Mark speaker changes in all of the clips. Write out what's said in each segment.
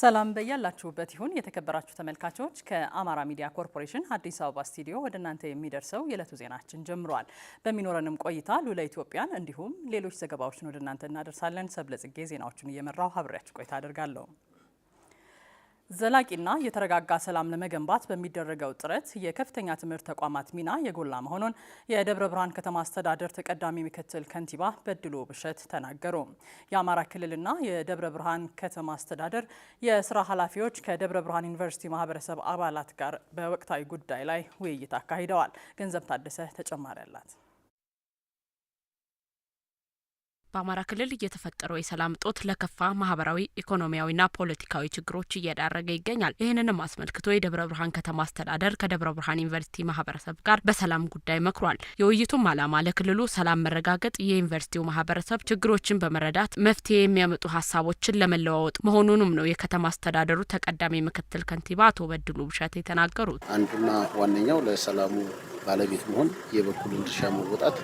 Speaker 1: ሰላም በያላችሁበት ይሁን የተከበራችሁ ተመልካቾች። ከአማራ ሚዲያ ኮርፖሬሽን አዲስ አበባ ስቱዲዮ ወደ እናንተ የሚደርሰው የዕለቱ ዜናችን ጀምሯል። በሚኖረንም ቆይታ ሉላ ኢትዮጵያን እንዲሁም ሌሎች ዘገባዎችን ወደ እናንተ እናደርሳለን። ሰብለ ጽጌ ዜናዎቹን እየመራው አብሬያችሁ ቆይታ አደርጋለሁ። ዘላቂና የተረጋጋ ሰላም ለመገንባት በሚደረገው ጥረት የከፍተኛ ትምህርት ተቋማት ሚና የጎላ መሆኑን የደብረ ብርሃን ከተማ አስተዳደር ተቀዳሚ ምክትል ከንቲባ በድሉ ብሸት ተናገሩ። የአማራ ክልልና የደብረ ብርሃን ከተማ አስተዳደር የስራ ኃላፊዎች ከደብረ ብርሃን ዩኒቨርሲቲ ማህበረሰብ አባላት ጋር በወቅታዊ ጉዳይ ላይ ውይይት አካሂደዋል። ገንዘብ ታደሰ ተጨማሪ አላት። በአማራ ክልል እየተፈጠረው የሰላም እጦት ለከፋ ማህበራዊ፣ ኢኮኖሚያዊና ፖለቲካዊ ችግሮች እየዳረገ ይገኛል። ይህንንም አስመልክቶ የደብረ ብርሃን ከተማ አስተዳደር ከደብረ ብርሃን ዩኒቨርሲቲ ማህበረሰብ ጋር በሰላም ጉዳይ መክሯል። የውይይቱም ዓላማ ለክልሉ ሰላም መረጋገጥ የዩኒቨርሲቲው ማህበረሰብ ችግሮችን በመረዳት መፍትሄ የሚያመጡ ሀሳቦችን ለመለዋወጥ መሆኑንም ነው የከተማ አስተዳደሩ ተቀዳሚ ምክትል ከንቲባ አቶ በድሉ ብሸት የተናገሩት።
Speaker 2: አንዱና ዋነኛው ለሰላሙ ባለቤት መሆን የበኩሉን ድርሻ መወጣት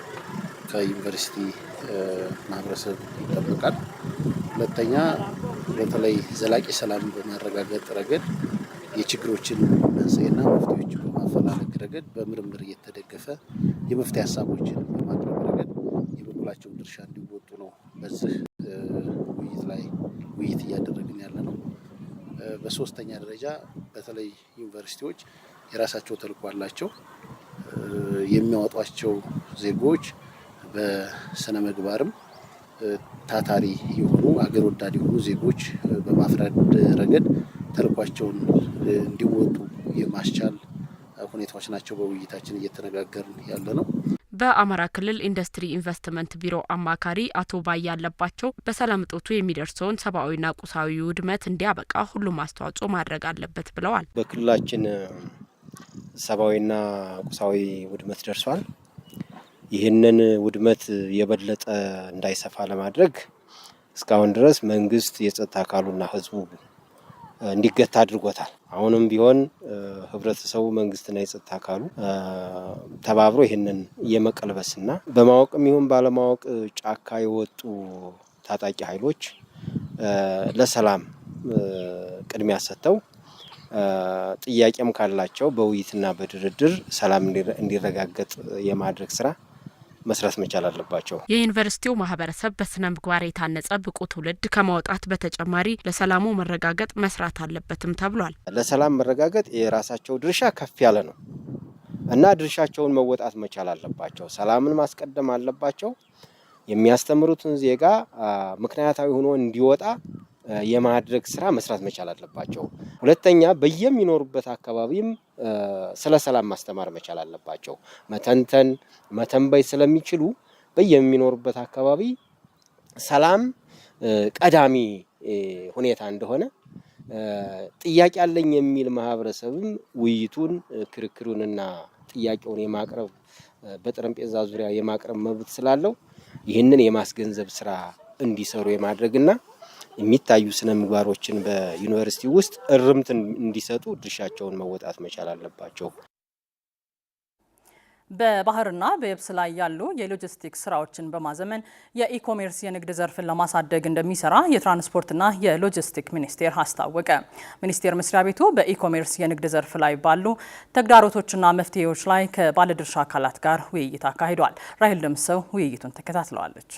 Speaker 2: ዩኒቨርሲቲ ማህበረሰብ ይጠበቃል። ሁለተኛ በተለይ ዘላቂ ሰላም በማረጋገጥ ረገድ የችግሮችን መንስኤና መፍትሄዎችን በማፈላለግ ረገድ በምርምር እየተደገፈ የመፍትሄ ሀሳቦችን በማቅረብ ረገድ የበኩላቸውን ድርሻ እንዲወጡ ነው በዚህ ውይይት ላይ ውይይት እያደረግን ያለ ነው። በሶስተኛ ደረጃ በተለይ ዩኒቨርሲቲዎች የራሳቸው ተልዕኮ አላቸው። የሚያወጧቸው ዜጎች በስነ ምግባርም ታታሪ የሆኑ አገር ወዳድ የሆኑ ዜጎች በማፍረድ ረገድ ተልኳቸውን እንዲወጡ የማስቻል ሁኔታዎች ናቸው። በውይይታችን እየተነጋገርን ያለ ነው።
Speaker 1: በአማራ ክልል ኢንዱስትሪ ኢንቨስትመንት ቢሮ አማካሪ አቶ ባይ ያለባቸው በሰላም እጦቱ የሚደርሰውን ሰብአዊና ቁሳዊ ውድመት እንዲያበቃ ሁሉም አስተዋጽኦ ማድረግ አለበት ብለዋል።
Speaker 2: በክልላችን ሰብአዊና ቁሳዊ ውድመት ደርሷል። ይህንን ውድመት የበለጠ እንዳይሰፋ ለማድረግ እስካሁን ድረስ መንግስት የጸጥታ አካሉና ህዝቡ እንዲገታ አድርጎታል። አሁንም ቢሆን ህብረተሰቡ፣ መንግስትና የጸጥታ አካሉ ተባብሮ ይህንን የመቀልበስና በማወቅም ይሁን ባለማወቅ ጫካ የወጡ ታጣቂ ኃይሎች ለሰላም ቅድሚያ ሰጥተው ጥያቄም ካላቸው በውይይትና በድርድር ሰላም እንዲረጋገጥ የማድረግ ስራ መስራት መቻል አለባቸው።
Speaker 1: የዩኒቨርሲቲው ማህበረሰብ በስነ ምግባር የታነጸ ብቁ ትውልድ ከማውጣት በተጨማሪ ለሰላሙ መረጋገጥ መስራት አለበትም ተብሏል።
Speaker 2: ለሰላም መረጋገጥ የራሳቸው ድርሻ ከፍ ያለ ነው እና ድርሻቸውን መወጣት መቻል አለባቸው። ሰላምን ማስቀደም አለባቸው። የሚያስተምሩትን ዜጋ ምክንያታዊ ሆኖ እንዲወጣ የማድረግ ስራ መስራት መቻል አለባቸው። ሁለተኛ በየሚኖሩበት አካባቢም ስለ ሰላም ማስተማር መቻል አለባቸው። መተንተን መተንበይ ስለሚችሉ በየሚኖሩበት አካባቢ ሰላም ቀዳሚ ሁኔታ እንደሆነ ጥያቄ አለኝ የሚል ማህበረሰብም ውይይቱን ክርክሩንና ጥያቄውን የማቅረብ በጠረጴዛ ዙሪያ የማቅረብ መብት ስላለው ይህንን የማስገንዘብ ስራ እንዲሰሩ የማድረግና የሚታዩ ስነ ምግባሮችን በዩኒቨርሲቲ ውስጥ እርምት እንዲሰጡ ድርሻቸውን መወጣት መቻል አለባቸው።
Speaker 1: በባህርና በየብስ ላይ ያሉ የሎጂስቲክስ ስራዎችን በማዘመን የኢኮሜርስ የንግድ ዘርፍን ለማሳደግ እንደሚሰራ የትራንስፖርትና የሎጂስቲክ ሚኒስቴር አስታወቀ። ሚኒስቴር መስሪያ ቤቱ በኢኮሜርስ የንግድ ዘርፍ ላይ ባሉ ተግዳሮቶችና መፍትሄዎች ላይ ከባለድርሻ አካላት ጋር ውይይት አካሂዷል። ራሄል ደምሰው ውይይቱን ተከታትለዋለች።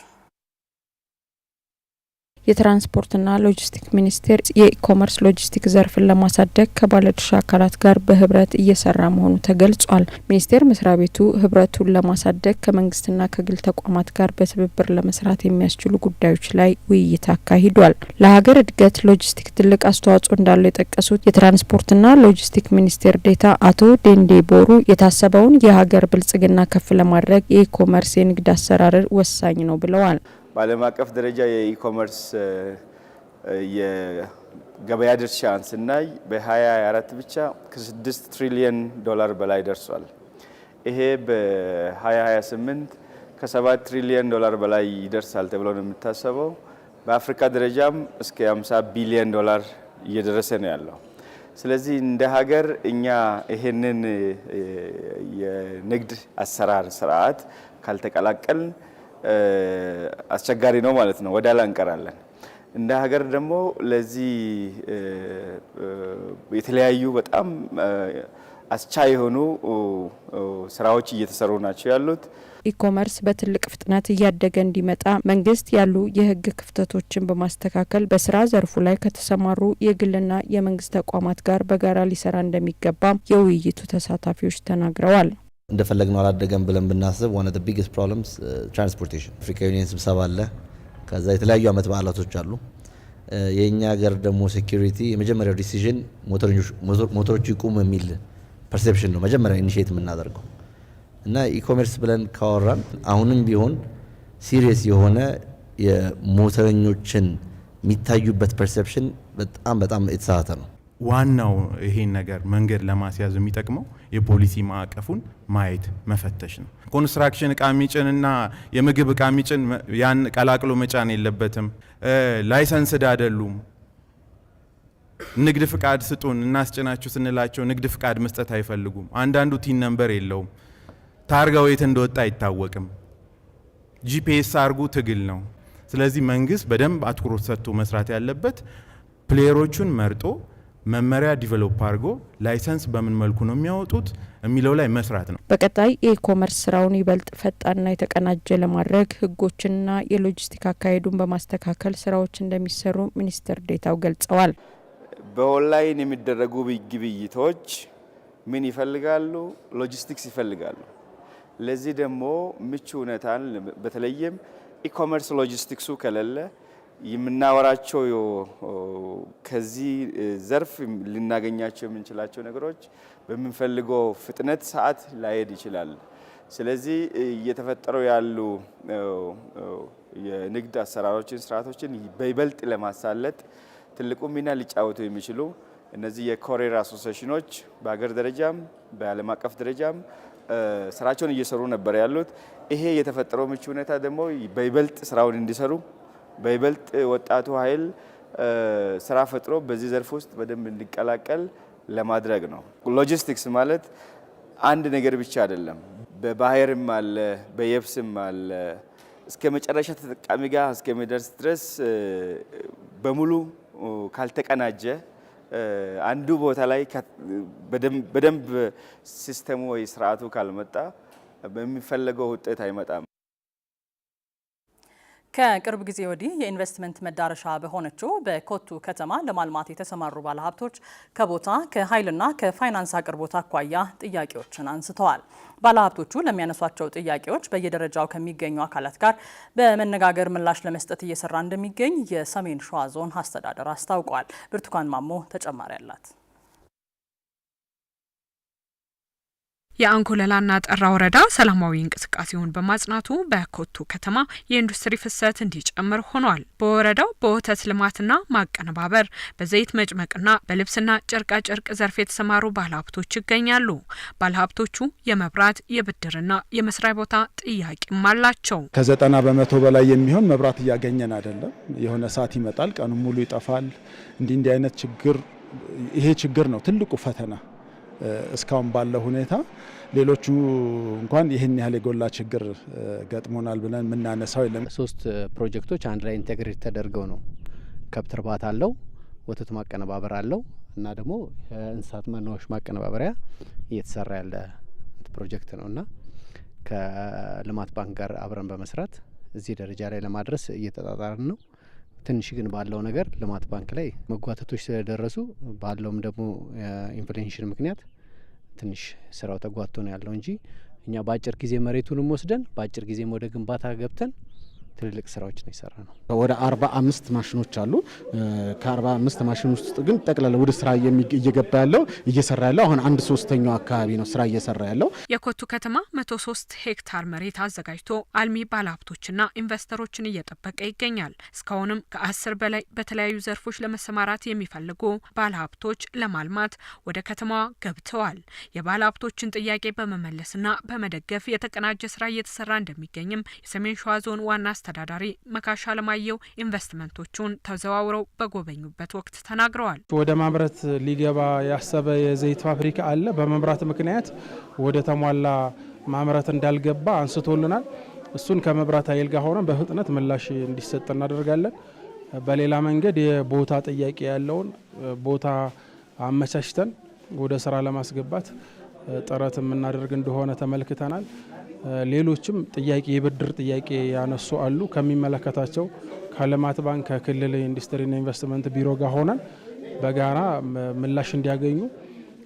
Speaker 1: የትራንስፖርትና ሎጂስቲክ ሚኒስቴር የኢኮመርስ ሎጂስቲክ ዘርፍን ለማሳደግ ከባለድርሻ አካላት ጋር በህብረት እየሰራ መሆኑ ተገልጿል። ሚኒስቴር መስሪያ ቤቱ ህብረቱን ለማሳደግ ከመንግስትና ከግል ተቋማት ጋር በትብብር ለመስራት የሚያስችሉ ጉዳዮች ላይ ውይይት አካሂዷል። ለሀገር እድገት ሎጂስቲክ ትልቅ አስተዋጽኦ እንዳለው የጠቀሱት የትራንስፖርትና ሎጂስቲክ ሚኒስቴር ዴታ አቶ ዴንዴ ቦሩ የታሰበውን የሀገር ብልጽግና ከፍ ለማድረግ የኢኮመርስ የንግድ አሰራር ወሳኝ ነው ብለዋል።
Speaker 2: በዓለም አቀፍ ደረጃ የኢኮመርስ የገበያ ድርሻን ስናይ በ2024 ብቻ ከ6 ትሪሊየን ዶላር በላይ ደርሷል። ይሄ በ2028 ከ7 ትሪሊየን ዶላር በላይ ይደርሳል ተብሎ ነው የሚታሰበው። በአፍሪካ ደረጃም እስከ 50 ቢሊየን ዶላር እየደረሰ ነው ያለው። ስለዚህ እንደ ሀገር እኛ ይሄንን የንግድ አሰራር ስርዓት ካልተቀላቀልን አስቸጋሪ ነው ማለት ነው። ወደ ኋላ እንቀራለን። እንደ ሀገር ደግሞ ለዚህ የተለያዩ በጣም አስቻ የሆኑ ስራዎች እየተሰሩ ናቸው ያሉት።
Speaker 1: ኢኮመርስ በትልቅ ፍጥነት እያደገ እንዲመጣ መንግስት ያሉ የህግ ክፍተቶችን በማስተካከል በስራ ዘርፉ ላይ ከተሰማሩ የግልና የመንግስት ተቋማት ጋር በጋራ ሊሰራ እንደሚገባም የውይይቱ ተሳታፊዎች ተናግረዋል።
Speaker 3: እንደፈለግነው አላደገም ብለን ብናስብ ዋን ኦፍ ቢግስት ፕሮብለምስ ትራንስፖርቴሽን። አፍሪካ ዩኒየን ስብሰባ አለ። ከዛ የተለያዩ አመት በዓላቶች አሉ። uh, የእኛ ሀገር ደግሞ ሴኪሪቲ የመጀመሪያው ዲሲዥን ሞተሮቹ ይቁሙ የሚል ፐርሴፕሽን ነው መጀመሪያ ኢኒሽት የምናደርገው እና ኢኮሜርስ ብለን ካወራን አሁንም ቢሆን ሲሪየስ የሆነ የሞተረኞችን የሚታዩበት ፐርሴፕሽን በጣም በጣም የተሳተ ነው።
Speaker 4: ዋናው ይሄን ነገር መንገድ ለማስያዝ የሚጠቅመው የፖሊሲ ማዕቀፉን ማየት መፈተሽ ነው። ኮንስትራክሽን እቃ ሚጭንና የምግብ እቃ ሚጭን ያን ቀላቅሎ መጫን የለበትም። ላይሰንስድ አይደሉም። ንግድ ፍቃድ ስጡን እናስጭናችሁ ስንላቸው ንግድ ፍቃድ መስጠት አይፈልጉም። አንዳንዱ ቲን ነንበር የለውም። ታርጋው የት እንደወጣ አይታወቅም። ጂፒኤስ አርጉ ትግል ነው። ስለዚህ መንግስት በደንብ አትኩሮት ሰጥቶ መስራት ያለበት ፕሌየሮቹን መርጦ መመሪያ ዲቨሎፕ አድርጎ ላይሰንስ በምን መልኩ ነው የሚያወጡት የሚለው ላይ መስራት ነው።
Speaker 1: በቀጣይ የኢኮመርስ ስራውን ይበልጥ ፈጣንና የተቀናጀ ለማድረግ ህጎችንና የሎጂስቲክ አካሄዱን በማስተካከል ስራዎች እንደሚሰሩ ሚኒስትር ዴታው ገልጸዋል።
Speaker 2: በኦንላይን የሚደረጉ ግብይቶች ምን ይፈልጋሉ? ሎጂስቲክስ ይፈልጋሉ። ለዚህ ደግሞ ምቹ ሁኔታን በተለይም ኢኮመርስ ሎጂስቲክሱ ከሌለ የምናወራቸው ከዚህ ዘርፍ ልናገኛቸው የምንችላቸው ነገሮች በምንፈልገው ፍጥነት ሰዓት ላይሄድ ይችላል። ስለዚህ እየተፈጠሩ ያሉ የንግድ አሰራሮችን፣ ስርዓቶችን በይበልጥ ለማሳለጥ ትልቁ ሚና ሊጫወቱ የሚችሉ እነዚህ የኮሪየር አሶሴሽኖች በሀገር ደረጃም በዓለም አቀፍ ደረጃም ስራቸውን እየሰሩ ነበር ያሉት። ይሄ የተፈጠረው ምቹ ሁኔታ ደግሞ በይበልጥ ስራውን እንዲሰሩ በይበልጥ ወጣቱ ኃይል ስራ ፈጥሮ በዚህ ዘርፍ ውስጥ በደንብ እንዲቀላቀል ለማድረግ ነው። ሎጂስቲክስ ማለት አንድ ነገር ብቻ አይደለም። በባህርም አለ፣ በየብስም አለ። እስከ መጨረሻ ተጠቃሚ ጋር እስከሚደርስ ድረስ በሙሉ ካልተቀናጀ አንዱ ቦታ ላይ በደንብ ሲስተሙ ወይ ስርዓቱ ካልመጣ በሚፈለገው ውጤት አይመጣም።
Speaker 1: ከቅርብ ጊዜ ወዲህ የኢንቨስትመንት መዳረሻ በሆነችው በኮቱ ከተማ ለማልማት የተሰማሩ ባለሀብቶች ከቦታ ከኃይልና ከፋይናንስ አቅርቦት አኳያ ጥያቄዎችን አንስተዋል። ባለሀብቶቹ ለሚያነሷቸው ጥያቄዎች በየደረጃው ከሚገኙ አካላት ጋር በመነጋገር ምላሽ ለመስጠት እየሰራ እንደሚገኝ የሰሜን ሸዋ ዞን አስተዳደር አስታውቋል። ብርቱካን ማሞ ተጨማሪ አላት። የአንኮለላና ጠራ ወረዳ ሰላማዊ እንቅስቃሴውን በማጽናቱ በኮቱ ከተማ የኢንዱስትሪ ፍሰት እንዲጨምር ሆኗል። በወረዳው በወተት ልማትና ማቀነባበር፣ በዘይት መጭመቅና በልብስና ጨርቃጨርቅ ዘርፍ የተሰማሩ ባለሀብቶች ይገኛሉ። ባለሀብቶቹ የመብራት የብድርና የመስሪያ ቦታ ጥያቄም አላቸው።
Speaker 5: ከዘጠና በመቶ በላይ የሚሆን መብራት እያገኘን አይደለም። የሆነ ሰዓት ይመጣል፣ ቀኑ ሙሉ ይጠፋል። እንዲህ እንዲህ አይነት ችግር ይሄ ችግር ነው ትልቁ ፈተና እስካሁን ባለው ሁኔታ ሌሎቹ እንኳን ይህን ያህል የጎላ ችግር ገጥሞናል ብለን የምናነሳው የለም።
Speaker 6: ሶስት ፕሮጀክቶች አንድ ላይ ኢንቴግሬት ተደርገው ነው። ከብት እርባታ አለው፣ ወተት ማቀነባበር አለው እና ደግሞ የእንስሳት መኖዎች ማቀነባበሪያ እየተሰራ ያለ ፕሮጀክት ነው እና ከልማት ባንክ ጋር አብረን በመስራት እዚህ ደረጃ ላይ ለማድረስ እየተጣጣርን ነው። ትንሽ ግን ባለው ነገር ልማት ባንክ ላይ መጓተቶች ስለደረሱ ባለውም ደግሞ ኢንፍሌንሽን ምክንያት ትንሽ ስራው ተጓቶ ነው ያለው እንጂ እኛ በአጭር ጊዜ መሬቱንም ወስደን በአጭር ጊዜም ወደ ግንባታ ገብተን ትልልቅ ስራዎች ነው የሰራ ነው።
Speaker 7: ወደ አርባ አምስት ማሽኖች አሉ። ከአርባ አምስት ማሽኖች ውስጥ ግን ጠቅላላ ወደ ስራ እየገባ ያለው እየሰራ ያለው አሁን አንድ ሶስተኛው አካባቢ ነው ስራ እየሰራ ያለው።
Speaker 1: የኮቱ ከተማ መቶ ሶስት ሄክታር መሬት አዘጋጅቶ አልሚ ባለሀብቶችና ኢንቨስተሮችን እየጠበቀ ይገኛል። እስካሁንም ከአስር በላይ በተለያዩ ዘርፎች ለመሰማራት የሚፈልጉ ባለሀብቶች ለማልማት ወደ ከተማዋ ገብተዋል። የባለሀብቶችን ጥያቄ በመመለስና በመደገፍ የተቀናጀ ስራ እየተሰራ እንደሚገኝም የሰሜን ሸዋ ዞን ዋና አስተዳዳሪ መካሻ አለማየሁ ኢንቨስትመንቶቹን ተዘዋውረው በጎበኙበት ወቅት ተናግረዋል።
Speaker 8: ወደ ማምረት ሊገባ ያሰበ የዘይት ፋብሪካ አለ። በመምራት ምክንያት ወደ ተሟላ ማምረት እንዳልገባ አንስቶልናል። እሱን ከመብራት ኃይል ጋር ሆነን በፍጥነት ምላሽ እንዲሰጥ እናደርጋለን። በሌላ መንገድ የቦታ ጥያቄ ያለውን ቦታ አመቻችተን ወደ ስራ ለማስገባት ጥረት የምናደርግ እንደሆነ ተመልክተናል። ሌሎችም ጥያቄ የብድር ጥያቄ ያነሱ አሉ። ከሚመለከታቸው ከልማት ባንክ ከክልል ኢንዱስትሪና ኢንቨስትመንት ቢሮ ጋር ሆነን በጋራ ምላሽ እንዲያገኙ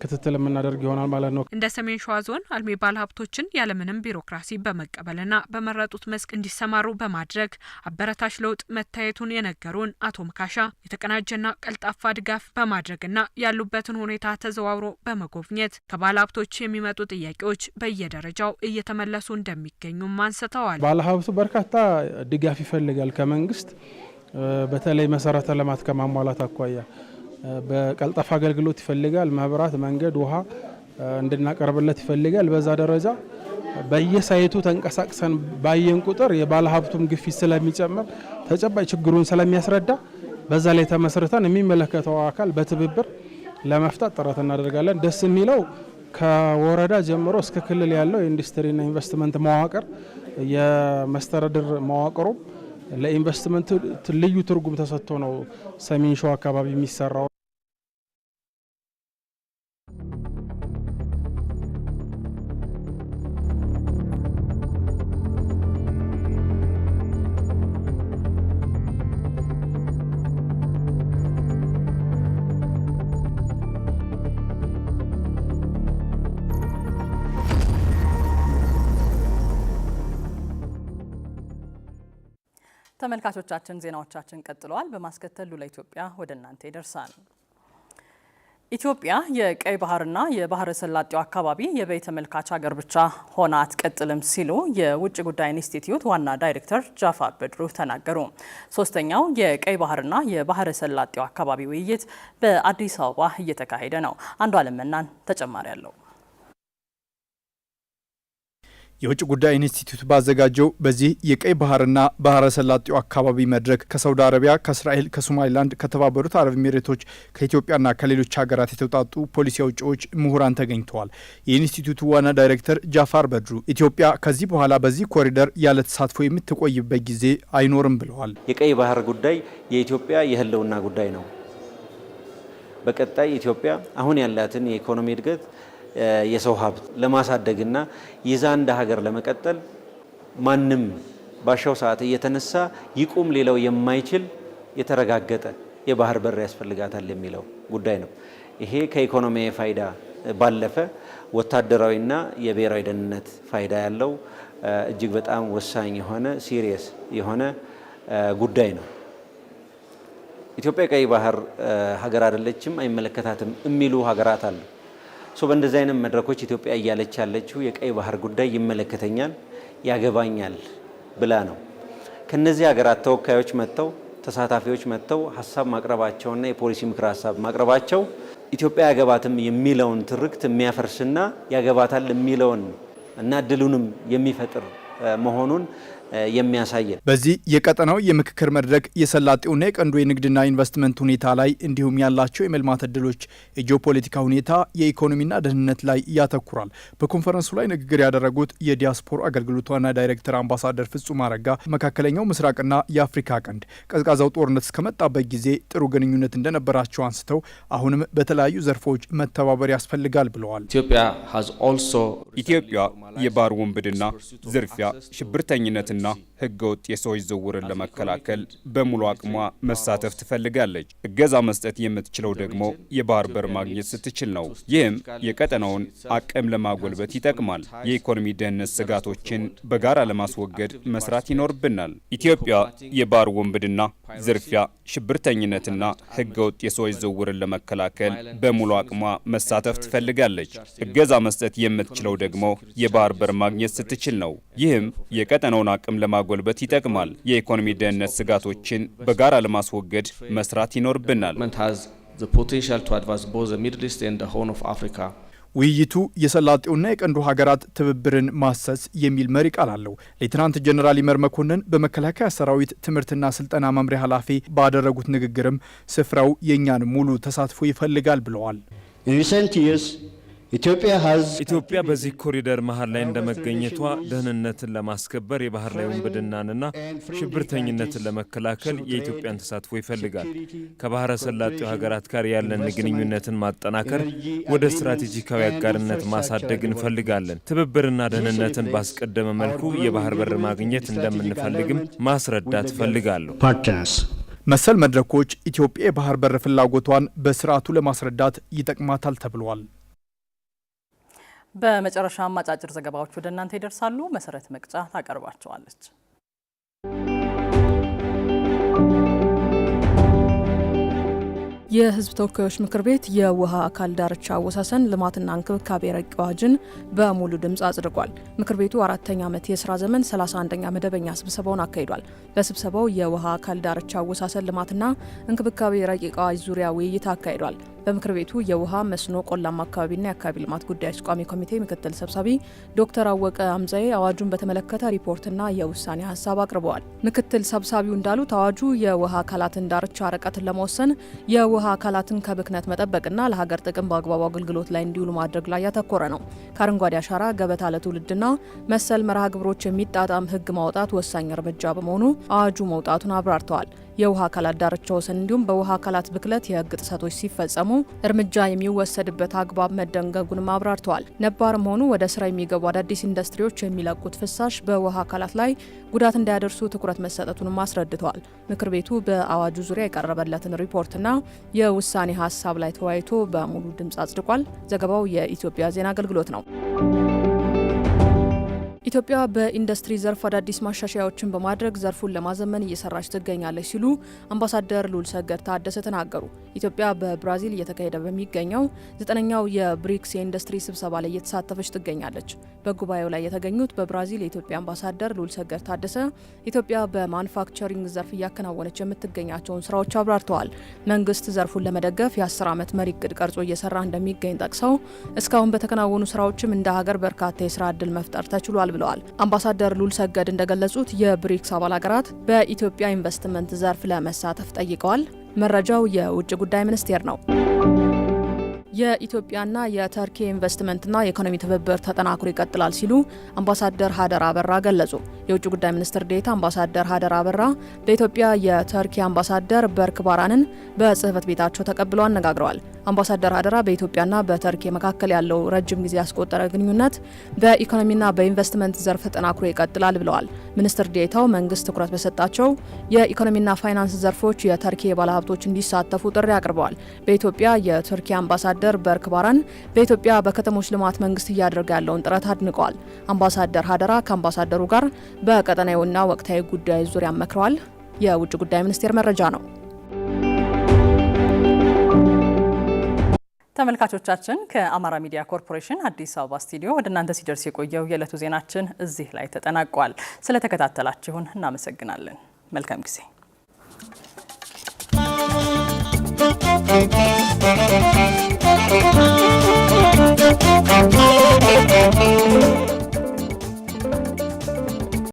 Speaker 8: ክትትል የምናደርግ ይሆናል ማለት ነው።
Speaker 1: እንደ ሰሜን ሸዋ ዞን አልሚ ባለ ሀብቶችን ያለምንም ቢሮክራሲ በመቀበልና በመረጡት መስክ እንዲሰማሩ በማድረግ አበረታች ለውጥ መታየቱን የነገሩን አቶ መካሻ የተቀናጀና ቀልጣፋ ድጋፍ በማድረግና ያሉበትን ሁኔታ ተዘዋውሮ በመጎብኘት ከባለ ሀብቶች የሚመጡ ጥያቄዎች በየደረጃው እየተመለሱ እንደሚገኙም አንስተዋል።
Speaker 8: ባለ ሀብቱ በርካታ ድጋፍ ይፈልጋል ከመንግስት በተለይ መሰረተ ልማት ከማሟላት አኳያ በቀልጣፋ አገልግሎት ይፈልጋል። መብራት፣ መንገድ፣ ውሃ እንድናቀርብለት ይፈልጋል። በዛ ደረጃ በየሳይቱ ተንቀሳቅሰን ባየን ቁጥር የባለሀብቱም ግፊት ስለሚጨምር ተጨባጭ ችግሩን ስለሚያስረዳ በዛ ላይ ተመስርተን የሚመለከተው አካል በትብብር ለመፍታት ጥረት እናደርጋለን። ደስ የሚለው ከወረዳ ጀምሮ እስከ ክልል ያለው የኢንዱስትሪና ኢንቨስትመንት መዋቅር የመስተዳድር መዋቅሩም ለኢንቨስትመንት ልዩ ትርጉም ተሰጥቶ ነው ሰሜን ሸዋ አካባቢ የሚሰራው።
Speaker 1: ተመልካቾቻችን ዜናዎቻችን ቀጥለዋል። በማስከተሉ ለኢትዮጵያ ወደ እናንተ ይደርሳል። ኢትዮጵያ የቀይ ባህርና የባህረ ሰላጤው አካባቢ የበይ ተመልካች ሀገር ብቻ ሆና አትቀጥልም ሲሉ የውጭ ጉዳይ ኢንስቲትዩት ዋና ዳይሬክተር ጃፋር በድሩ ተናገሩ። ሶስተኛው የቀይ ባህርና የባህረ ሰላጤው አካባቢ ውይይት በአዲስ አበባ እየተካሄደ ነው። አንዱ አለመናን ተጨማሪ አለው።
Speaker 9: የውጭ ጉዳይ ኢንስቲትዩት ባዘጋጀው በዚህ የቀይ ባህርና ባህረ ሰላጤው አካባቢ መድረክ ከሳውዲ አረቢያ፣ ከእስራኤል፣ ከሶማሊላንድ፣ ከተባበሩት አረብ ኤሚሬቶች፣ ከኢትዮጵያና ከሌሎች ሀገራት የተውጣጡ ፖሊሲ አውጪዎች፣ ምሁራን ተገኝተዋል። የኢንስቲትዩቱ ዋና ዳይሬክተር ጃፋር በድሩ ኢትዮጵያ ከዚህ በኋላ በዚህ ኮሪደር ያለ ተሳትፎ የምትቆይበት ጊዜ አይኖርም ብለዋል።
Speaker 10: የቀይ ባህር ጉዳይ የኢትዮጵያ የህልውና ጉዳይ ነው። በቀጣይ ኢትዮጵያ አሁን ያላትን የኢኮኖሚ እድገት የሰው ሀብት ለማሳደግና ይዛ እንደ ሀገር ለመቀጠል ማንም ባሻው ሰዓት እየተነሳ ይቁም ሌላው የማይችል የተረጋገጠ የባህር በር ያስፈልጋታል የሚለው ጉዳይ ነው። ይሄ ከኢኮኖሚያዊ ፋይዳ ባለፈ ወታደራዊና የብሔራዊ ደህንነት ፋይዳ ያለው እጅግ በጣም ወሳኝ የሆነ ሲሪየስ የሆነ ጉዳይ ነው። ኢትዮጵያ ቀይ ባህር ሀገር አይደለችም፣ አይመለከታትም የሚሉ ሀገራት አሉ። ሶ በእንደዚህ አይነት መድረኮች ኢትዮጵያ እያለች ያለችው የቀይ ባህር ጉዳይ ይመለከተኛል፣ ያገባኛል ብላ ነው። ከነዚህ ሀገራት ተወካዮች መጥተው ተሳታፊዎች መጥተው ሀሳብ ማቅረባቸውና የፖሊሲ ምክር ሀሳብ ማቅረባቸው ኢትዮጵያ ያገባትም የሚለውን ትርክት የሚያፈርስና ያገባታል የሚለውን እና እድሉንም የሚፈጥር መሆኑን የሚያሳይ
Speaker 9: በዚህ የቀጠናው የምክክር መድረክ የሰላጤውና የቀንዱ የንግድና ኢንቨስትመንት ሁኔታ ላይ እንዲሁም ያላቸው የመልማት እድሎች፣ የጂኦፖለቲካ ሁኔታ፣ የኢኮኖሚና ደህንነት ላይ ያተኩራል። በኮንፈረንሱ ላይ ንግግር ያደረጉት የዲያስፖራ አገልግሎት ዋና ዳይሬክተር አምባሳደር ፍጹም አረጋ መካከለኛው ምስራቅና የአፍሪካ ቀንድ ቀዝቃዛው ጦርነት እስከመጣበት ጊዜ ጥሩ ግንኙነት እንደነበራቸው አንስተው አሁንም በተለያዩ ዘርፎች መተባበር ያስፈልጋል ብለዋል።
Speaker 11: ኢትዮጵያ የባር ወንብድና፣ ዝርፊያ፣ ሽብርተኝነትና እና ወጥ የሰዎች ዝውውርን ለመከላከል በሙሉ አቅሟ መሳተፍ ትፈልጋለች። እገዛ መስጠት የምትችለው ደግሞ የባህር በር ማግኘት ስትችል ነው። ይህም የቀጠናውን አቅም ለማጎልበት ይጠቅማል። የኢኮኖሚ ደህንነት ስጋቶችን በጋራ ለማስወገድ መስራት ይኖርብናል። ኢትዮጵያ የባህር ወንብድና፣ ዝርፊያ፣ ሽብርተኝነትና ህገወጥ የሰዎች ዝውውርን ለመከላከል በሙሉ አቅሟ መሳተፍ ትፈልጋለች። እገዛ መስጠት የምትችለው ደግሞ የባህር በር ማግኘት ስትችል ነው። ይህም የቀጠናውን አቅም ለማጎልበት ይጠቅማል። የኢኮኖሚ ደህንነት ስጋቶችን በጋራ ለማስወገድ መስራት ይኖርብናል።
Speaker 9: ውይይቱ የሰላጤውና የቀንዱ ሀገራት ትብብርን ማሰስ የሚል መሪ ቃል አለው። ሌትናንት ጀኔራል ይመር መኮንን በመከላከያ ሰራዊት ትምህርትና ስልጠና መምሪያ ኃላፊ ባደረጉት ንግግርም ስፍራው የእኛን ሙሉ ተሳትፎ ይፈልጋል ብለዋል።
Speaker 12: ኢትዮጵያ
Speaker 13: በዚህ ኮሪደር መሀል ላይ እንደመገኘቷ ደህንነትን ለማስከበር የባህር ላይ ውንብድናንና ሽብርተኝነትን ለመከላከል የኢትዮጵያን ተሳትፎ ይፈልጋል። ከባህረ ሰላጤው ሀገራት ጋር ያለን ግንኙነትን ማጠናከር፣ ወደ ስትራቴጂካዊ አጋርነት ማሳደግ እንፈልጋለን። ትብብርና ደህንነትን ባስቀደመ መልኩ የባህር በር ማግኘት እንደምንፈልግም ማስረዳት እፈልጋለሁ።
Speaker 9: መሰል መድረኮች ኢትዮጵያ የባህር በር ፍላጎቷን በስርዓቱ ለማስረዳት ይጠቅማታል ተብሏል።
Speaker 1: በመጨረሻም አጫጭር ዘገባዎች ወደ እናንተ ይደርሳሉ። መሰረት መቅጫ ታቀርባቸዋለች። የሕዝብ ተወካዮች ምክር ቤት የውሃ አካል ዳርቻ አወሳሰን ልማትና እንክብካቤ ረቂቅ አዋጅን በሙሉ ድምፅ አጽድቋል። ምክር ቤቱ አራተኛ ዓመት የስራ ዘመን 31ኛ መደበኛ ስብሰባውን አካሂዷል። በስብሰባው የውሃ አካል ዳርቻ አወሳሰን ልማትና እንክብካቤ ረቂቅ አዋጅ ዙሪያ ውይይት አካሂዷል። በምክር ቤቱ የውሃ መስኖ፣ ቆላማ አካባቢና የአካባቢ ልማት ጉዳዮች ቋሚ ኮሚቴ ምክትል ሰብሳቢ ዶክተር አወቀ አምዛዬ አዋጁን በተመለከተ ሪፖርትና የውሳኔ ሀሳብ አቅርበዋል። ምክትል ሰብሳቢው እንዳሉት አዋጁ የውሃ አካላትን ዳርቻ ርቀትን ለመወሰን የውሃ አካላትን ከብክነት መጠበቅና ለሀገር ጥቅም በአግባቡ አገልግሎት ላይ እንዲውሉ ማድረግ ላይ ያተኮረ ነው። ከአረንጓዴ አሻራ ገበታ ለትውልድና መሰል መርሃ ግብሮች የሚጣጣም ህግ ማውጣት ወሳኝ እርምጃ በመሆኑ አዋጁ መውጣቱን አብራርተዋል። የውሃ አካላት ዳርቻ ወሰን እንዲሁም በውሃ አካላት ብክለት የህግ ጥሰቶች ሲፈጸሙ እርምጃ የሚወሰድበት አግባብ መደንገጉንም አብራርተዋል። ነባርም ሆኑ ወደ ስራ የሚገቡ አዳዲስ ኢንዱስትሪዎች የሚለቁት ፍሳሽ በውሃ አካላት ላይ ጉዳት እንዳያደርሱ ትኩረት መሰጠቱንም አስረድተዋል። ምክር ቤቱ በአዋጁ ዙሪያ የቀረበለትን ሪፖርትና የውሳኔ ሀሳብ ላይ ተወያይቶ በሙሉ ድምፅ አጽድቋል። ዘገባው የኢትዮጵያ ዜና አገልግሎት ነው። ኢትዮጵያ በኢንዱስትሪ ዘርፍ አዳዲስ ማሻሻያዎችን በማድረግ ዘርፉን ለማዘመን እየሰራች ትገኛለች ሲሉ አምባሳደር ሉልሰገድ ታደሰ ተናገሩ። ኢትዮጵያ በብራዚል እየተካሄደ በሚገኘው ዘጠነኛው የብሪክስ የኢንዱስትሪ ስብሰባ ላይ እየተሳተፈች ትገኛለች። በጉባኤው ላይ የተገኙት በብራዚል የኢትዮጵያ አምባሳደር ሉልሰገድ ታደሰ ኢትዮጵያ በማኑፋክቸሪንግ ዘርፍ እያከናወነች የምትገኛቸውን ስራዎች አብራርተዋል። መንግስት ዘርፉን ለመደገፍ የ ዓመት መሪ እቅድ ቀርጾ እየሰራ እንደሚገኝ ጠቅሰው እስካሁን በተከናወኑ ስራዎችም እንደ ሀገር በርካታ የስራ እድል መፍጠር ተችሏል ብለዋል። ብለዋል። አምባሳደር ሉል ሰገድ እንደገለጹት የብሪክስ አባል ሀገራት በኢትዮጵያ ኢንቨስትመንት ዘርፍ ለመሳተፍ ጠይቀዋል። መረጃው የውጭ ጉዳይ ሚኒስቴር ነው። የኢትዮጵያና የተርኪ ኢንቨስትመንትና የኢኮኖሚ ትብብር ተጠናክሮ ይቀጥላል ሲሉ አምባሳደር ሀደር አበራ ገለጹ። የውጭ ጉዳይ ሚኒስትር ዴታ አምባሳደር ሀደር አበራ በኢትዮጵያ የተርኪ አምባሳደር በርክ ባራንን በጽህፈት ቤታቸው ተቀብለው አነጋግረዋል። አምባሳደር አደራ በኢትዮጵያና በተርኪ መካከል ያለው ረጅም ጊዜ ያስቆጠረ ግንኙነት በኢኮኖሚና በኢንቨስትመንት ዘርፍ ተጠናክሮ ይቀጥላል ብለዋል። ሚኒስትር ዴታው መንግስት ትኩረት በሰጣቸው የኢኮኖሚና ፋይናንስ ዘርፎች የተርኪ ባለሀብቶች እንዲሳተፉ ጥሪ አቅርበዋል። በኢትዮጵያ የቱርኪ አምባሳደር በርክ ባራን በኢትዮጵያ በከተሞች ልማት መንግስት እያደረገ ያለውን ጥረት አድንቀዋል። አምባሳደር ሀደራ ከአምባሳደሩ ጋር በቀጠናዊና ወቅታዊ ጉዳዮች ዙሪያ መክረዋል። የውጭ ጉዳይ ሚኒስቴር መረጃ ነው። ተመልካቾቻችን ከአማራ ሚዲያ ኮርፖሬሽን አዲስ አበባ ስቱዲዮ ወደ እናንተ ሲደርስ የቆየው የዕለቱ ዜናችን እዚህ ላይ ተጠናቋል። ስለተከታተላችሁን እናመሰግናለን። መልካም ጊዜ